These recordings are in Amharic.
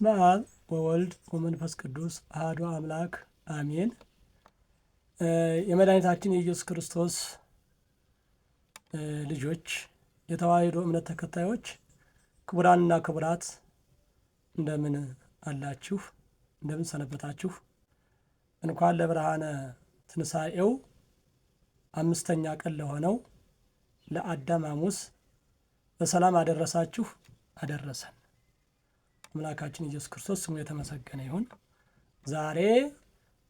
ስመ አብ ወወልድ ወመንፈስ ቅዱስ አሐዱ አምላክ አሜን። የመድኃኒታችን የኢየሱስ ክርስቶስ ልጆች የተዋሕዶ እምነት ተከታዮች ክቡራንና ክቡራት እንደምን አላችሁ? እንደምን ሰነበታችሁ? እንኳን ለብርሃነ ትንሣኤው አምስተኛ ቀን ለሆነው ለአዳም ሐሙስ በሰላም አደረሳችሁ አደረሰን። አምላካችን ኢየሱስ ክርስቶስ ስሙ የተመሰገነ ይሁን። ዛሬ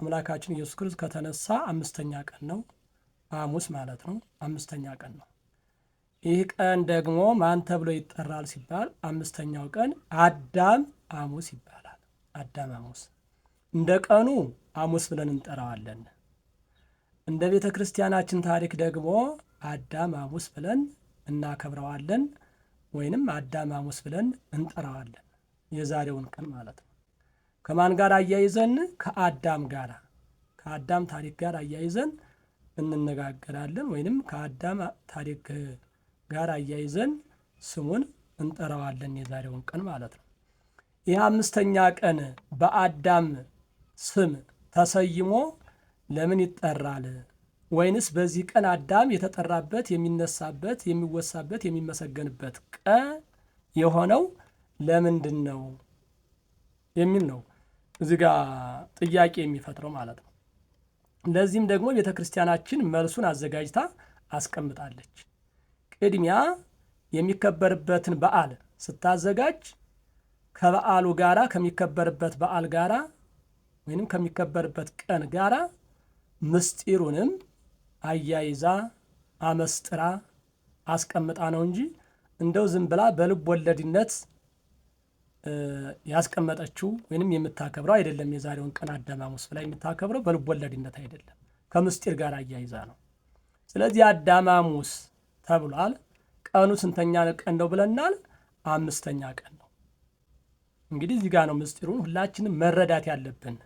አምላካችን ኢየሱስ ክርስቶስ ከተነሳ አምስተኛ ቀን ነው፣ ሐሙስ ማለት ነው። አምስተኛ ቀን ነው። ይህ ቀን ደግሞ ማን ተብሎ ይጠራል ሲባል አምስተኛው ቀን አዳም ሐሙስ ይባላል። አዳም ሐሙስ እንደ ቀኑ ሐሙስ ብለን እንጠራዋለን። እንደ ቤተ ክርስቲያናችን ታሪክ ደግሞ አዳም ሐሙስ ብለን እናከብረዋለን፣ ወይንም አዳም ሐሙስ ብለን እንጠራዋለን። የዛሬውን ቀን ማለት ነው። ከማን ጋር አያይዘን? ከአዳም ጋር ከአዳም ታሪክ ጋር አያይዘን እንነጋገራለን ወይንም ከአዳም ታሪክ ጋር አያይዘን ስሙን እንጠራዋለን የዛሬውን ቀን ማለት ነው። ይህ አምስተኛ ቀን በአዳም ስም ተሰይሞ ለምን ይጠራል? ወይንስ በዚህ ቀን አዳም የተጠራበት የሚነሳበት፣ የሚወሳበት፣ የሚመሰገንበት ቀን የሆነው ለምንድን ነው የሚል ነው እዚህ ጋር ጥያቄ የሚፈጥረው ማለት ነው። ለዚህም ደግሞ ቤተ ክርስቲያናችን መልሱን አዘጋጅታ አስቀምጣለች። ቅድሚያ የሚከበርበትን በዓል ስታዘጋጅ ከበዓሉ ጋራ ከሚከበርበት በዓል ጋራ ወይም ከሚከበርበት ቀን ጋራ ምስጢሩንም አያይዛ አመስጥራ አስቀምጣ ነው እንጂ እንደው ዝም ብላ በልብ ወለድነት ያስቀመጠችው ወይንም የምታከብረው አይደለም። የዛሬውን ቀን አዳማሙስ ላይ የምታከብረው በልቦለድነት አይደለም፣ ከምስጢር ጋር አያይዛ ነው። ስለዚህ አዳማሙስ ተብሏል። ቀኑ ስንተኛ ቀን ነው ብለናል? አምስተኛ ቀን ነው። እንግዲህ እዚህ ጋር ነው ምስጢሩን ሁላችንም መረዳት ያለብን።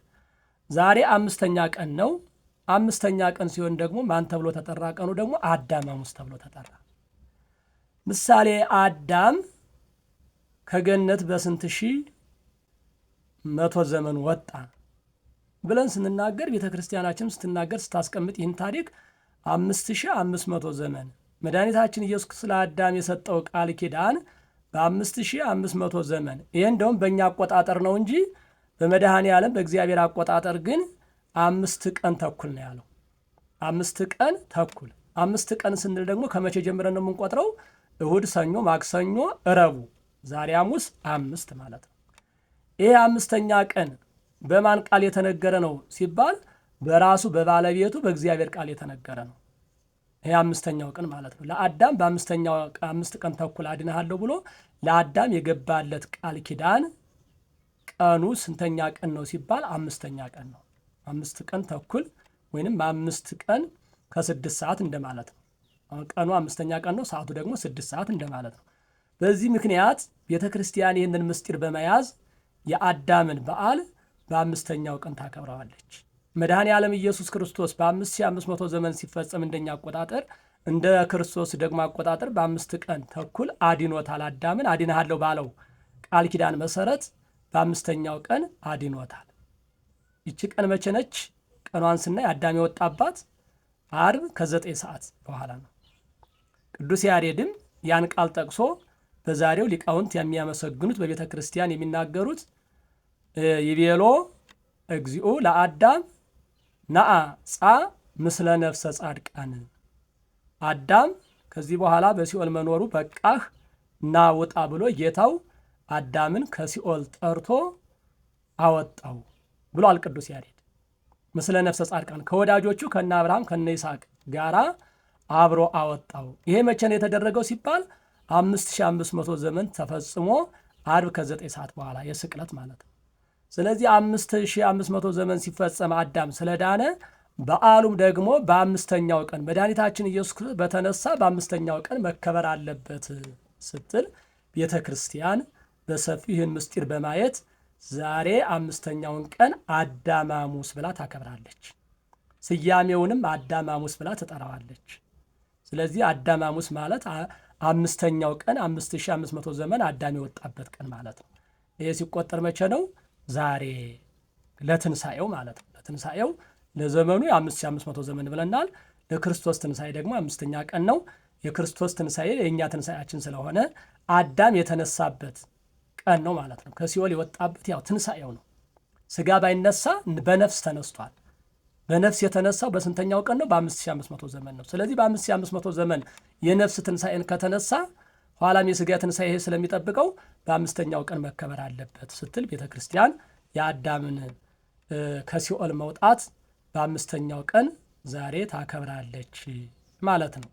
ዛሬ አምስተኛ ቀን ነው። አምስተኛ ቀን ሲሆን ደግሞ ማን ተብሎ ተጠራ? ቀኑ ደግሞ አዳማሙስ ተብሎ ተጠራ። ምሳሌ አዳም ከገነት በስንት ሺህ መቶ ዘመን ወጣ ብለን ስንናገር ቤተ ክርስቲያናችን ስትናገር ስታስቀምጥ ይህን ታሪክ አምስት ሺህ አምስት መቶ ዘመን መድኃኒታችን ኢየሱስ ክርስቶስ ለአዳም የሰጠው ቃል ኪዳን በአምስት ሺህ አምስት መቶ ዘመን ይህ እንደውም በእኛ አቆጣጠር ነው እንጂ በመድኃኔ ዓለም በእግዚአብሔር አቆጣጠር ግን አምስት ቀን ተኩል ነው ያለው። አምስት ቀን ተኩል። አምስት ቀን ስንል ደግሞ ከመቼ ጀምረን ነው የምንቆጥረው? እሁድ፣ ሰኞ፣ ማክሰኞ፣ እረቡ ዛሬ ሐሙስ አምስት ማለት ነው። ይህ አምስተኛ ቀን በማን ቃል የተነገረ ነው ሲባል በራሱ በባለቤቱ በእግዚአብሔር ቃል የተነገረ ነው። ይህ አምስተኛው ቀን ማለት ነው። ለአዳም በአምስተኛው አምስት ቀን ተኩል አድንሃለሁ ብሎ ለአዳም የገባለት ቃል ኪዳን ቀኑ ስንተኛ ቀን ነው ሲባል አምስተኛ ቀን ነው። አምስት ቀን ተኩል ወይንም አምስት ቀን ከስድስት ሰዓት እንደማለት ነው። ቀኑ አምስተኛ ቀን ነው፣ ሰዓቱ ደግሞ ስድስት ሰዓት እንደማለት ነው። በዚህ ምክንያት ቤተ ክርስቲያን ይህንን ምስጢር በመያዝ የአዳምን በዓል በአምስተኛው ቀን ታከብረዋለች። መድኃኔ ዓለም ኢየሱስ ክርስቶስ በአምስት ሺህ አምስት መቶ ዘመን ሲፈጸም እንደኛ አቆጣጠር እንደ ክርስቶስ ደግሞ አቆጣጠር በአምስት ቀን ተኩል አድኖታል። አዳምን አድንሃለሁ ባለው ቃል ኪዳን መሰረት በአምስተኛው ቀን አድኖታል። ይቺ ቀን መቼ ነች? ቀኗን ስናይ አዳም የወጣባት አርብ ከዘጠኝ ሰዓት በኋላ ነው። ቅዱስ ያሬድም ያን ቃል ጠቅሶ በዛሬው ሊቃውንት የሚያመሰግኑት በቤተ ክርስቲያን የሚናገሩት ይቤሎ እግዚኦ ለአዳም ናአ ጻ ምስለ ነፍሰ ጻድቃን አዳም ከዚህ በኋላ በሲኦል መኖሩ በቃህ ና ውጣ ብሎ ጌታው አዳምን ከሲኦል ጠርቶ አወጣው ብሏል ቅዱስ ያሬድ። ምስለ ነፍሰ ጻድቃን ከወዳጆቹ ከነ አብርሃም ከነ ይስሐቅ ጋራ አብሮ አወጣው። ይሄ መቼ ነው የተደረገው ሲባል 5500 ዘመን ተፈጽሞ አርብ ከ9 ሰዓት በኋላ የስቅለት ማለት ነው። ስለዚህ መቶ ዘመን ሲፈጸም አዳም ስለዳነ በዓሉም ደግሞ በአምስተኛው ቀን መድኃኒታችን ኢየሱስ ክርስቶስ በተነሳ በአምስተኛው ቀን መከበር አለበት ስትል ቤተ ክርስቲያን በሰፊ ይህን ምስጢር በማየት ዛሬ አምስተኛውን ቀን አዳማሙስ ብላ ታከብራለች። ስያሜውንም አዳማሙስ ብላ ትጠራዋለች። ስለዚህ አዳማሙስ ማለት አምስተኛው ቀን 5500 ዘመን አዳም የወጣበት ቀን ማለት ነው። ይሄ ሲቆጠር መቼ ነው? ዛሬ ለትንሣኤው ማለት ነው። ለትንሣኤው ለዘመኑ የ5500 ዘመን ብለናል። ለክርስቶስ ትንሣኤ ደግሞ አምስተኛ ቀን ነው። የክርስቶስ ትንሣኤ የእኛ ትንሣኤያችን ስለሆነ አዳም የተነሳበት ቀን ነው ማለት ነው። ከሲኦል የወጣበት ያው ትንሣኤው ነው። ስጋ ባይነሳ በነፍስ ተነስቷል። በነፍስ የተነሳው በስንተኛው ቀን ነው? በ5500 ዘመን ነው። ስለዚህ በ5500 ዘመን የነፍስ ትንሣኤን ከተነሳ ኋላም የሥጋ ትንሣኤ ስለሚጠብቀው በአምስተኛው ቀን መከበር አለበት ስትል ቤተ ክርስቲያን የአዳምን ከሲኦል መውጣት በአምስተኛው ቀን ዛሬ ታከብራለች ማለት ነው።